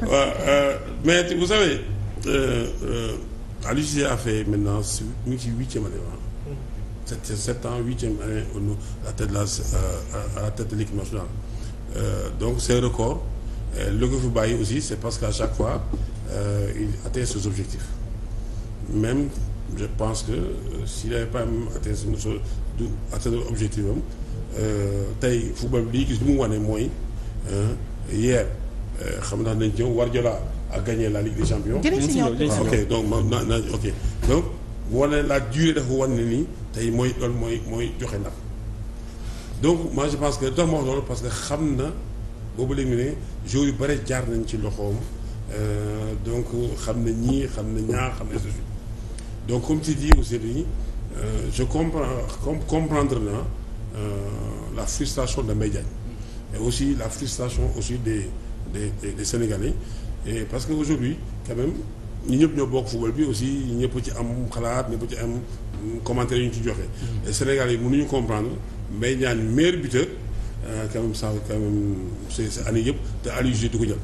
waaw euh, mais vous savez euh, euh, Aliou Cissé a fait si mu ngi ci huitième année ah. sept sept ans huitième année au niveau la tête la à la tête de donc c'est record lu ko fi bàyyi aussi c'est parce qu'à chaque fois il atteint ses objectifs même je pense que s'il n'avait pas même atteint son objectif am tey football bi li gis li mu mooy hier. xam naa nañ jëm Guardiola a gagné la Ligue des Champions. ok donc na na ok donc wala la durée dafa wan ne nii tey mooy loolu mooy mooy joxe ndam donc moi je pense que tax ma parce que xam na boobu léegi ne yu bare jaar nañ ci loxoom euh, donc xam na ñii xam na ñaar xam na donc comme tu dis aujourd'hui Euh, je comprends com comprendre na euh, la frustration de Mbaye Diagne et aussi la frustration aussi de de des, des Sénégalais et parce que aujourd'hui quand même ñu ñëpp ñoo bokk football bi aussi ñëpp ci am xalaat ñëpp ci am commentaire yu ñu ci joxe. Mm-hmm. et Sénégalais yi mënuñu comprendre Mbaye Niang meilleur buteur euh, quand même ça quand même c'est yëpp te Aliou du ko jël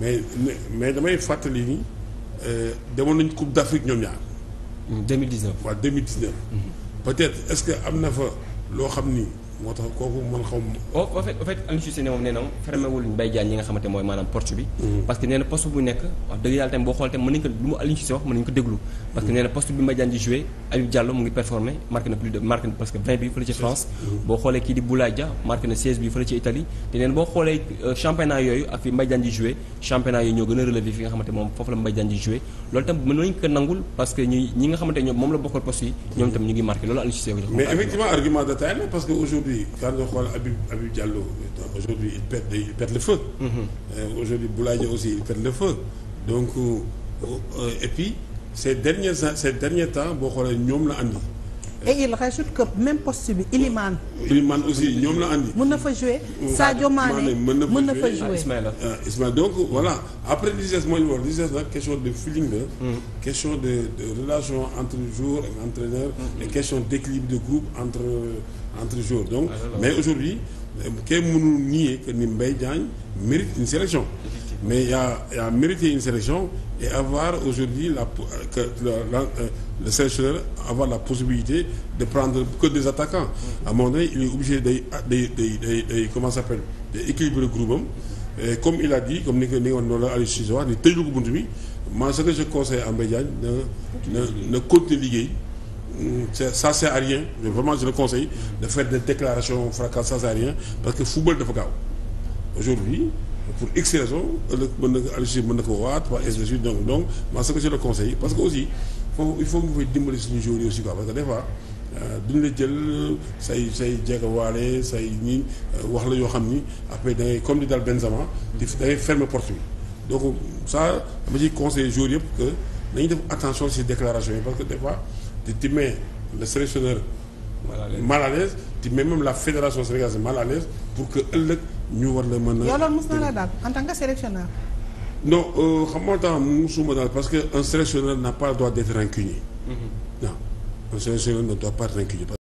mais mais damay fàttali ni euh, demoon nañ Coupe d'Afrique ñoom ñaar. 2019 mm, waaw 2019. Mm-hmm. peut-être est-ce que am na fa loo xam ni. moo tax kooku man xaw ma. Oh, en fait en fait Aliou championnat yooyu ñoo gën a relevé fi nga xamante moom la bokkal poste yi ñoom tam ñu ngi marqué loolu Aliou Cissé ko aujourd'hui quand nga xool Habib Habib Diallo aujourd'hui il pète il pète le feu mm -hmm. euh, aujourd'hui Boulaye aussi il pète le feu donc euh, euh et puis ces ces derniers temps boo xoolee ñoom la andi et il rajoute que même poste bi Ilimane. Ilimane aussi ñoom la andi. mën na fa jouer Sadio Mané mën na fa jouer ah, Ismaïla ah, Ismaïla donc voilà après Liges mooy wax Liges nag question de feeling la. Hmm. question de de relation entre joueur ak entraîneur. Hmm. et question d'équilibre de groupe entre entre joueurs donc. Ah, mais aujourd'hui euh, kenn mënul nier que ni Mbaye Diagne mérite une sélection. mais y a y a une sélection et avoir aujourd'hui la que la, la, le sélectionneur avoir la possibilité de prendre que des attaquants à un moment donné il est obligé day day day day day comment ça s'appelle day équilibrer groupe am comme il a dit comme ni ko ni nga wax noonu la Aliou Cissé wax ni tëjlu ko bunt bi man ce que je conseille à Mbaye Diagne na na na continuer liggéey ça sert à rien mais vraiment je le conseille de faire des déclarations fracassantes ça sert à rien parce que football dafa gaaw pour x raison ëllëg mën na ko arrêté mën na ko waat waa SDG donc donc ma ce que je le conseille parce que aussi foofu il faut nga fay dimbali suñu joueurs yi aussi quoi parce que des fois euh, duñu la jël say say jegewaale say ñi euh, wax la yoo xam ni après da ngay comme di daal Benzema di da ngay fermer porte bi donc ça dama ciy conseiller joueurs yëpp que nañu def attention ci déclaration yi parce que des fois di timmee le sélectionneur mal à te même la fédération sénégalaise mal à l'aise pour que ëllëg ñu war la mën a. yow loolu mos na la daal en tant que sélectionneur. non euh, xam nga tax mosuma daal parce que un sélectionneur n'a pas droit d'être rancunier. Mm-hmm. non un sélectionneur ne doit pas être rancunier.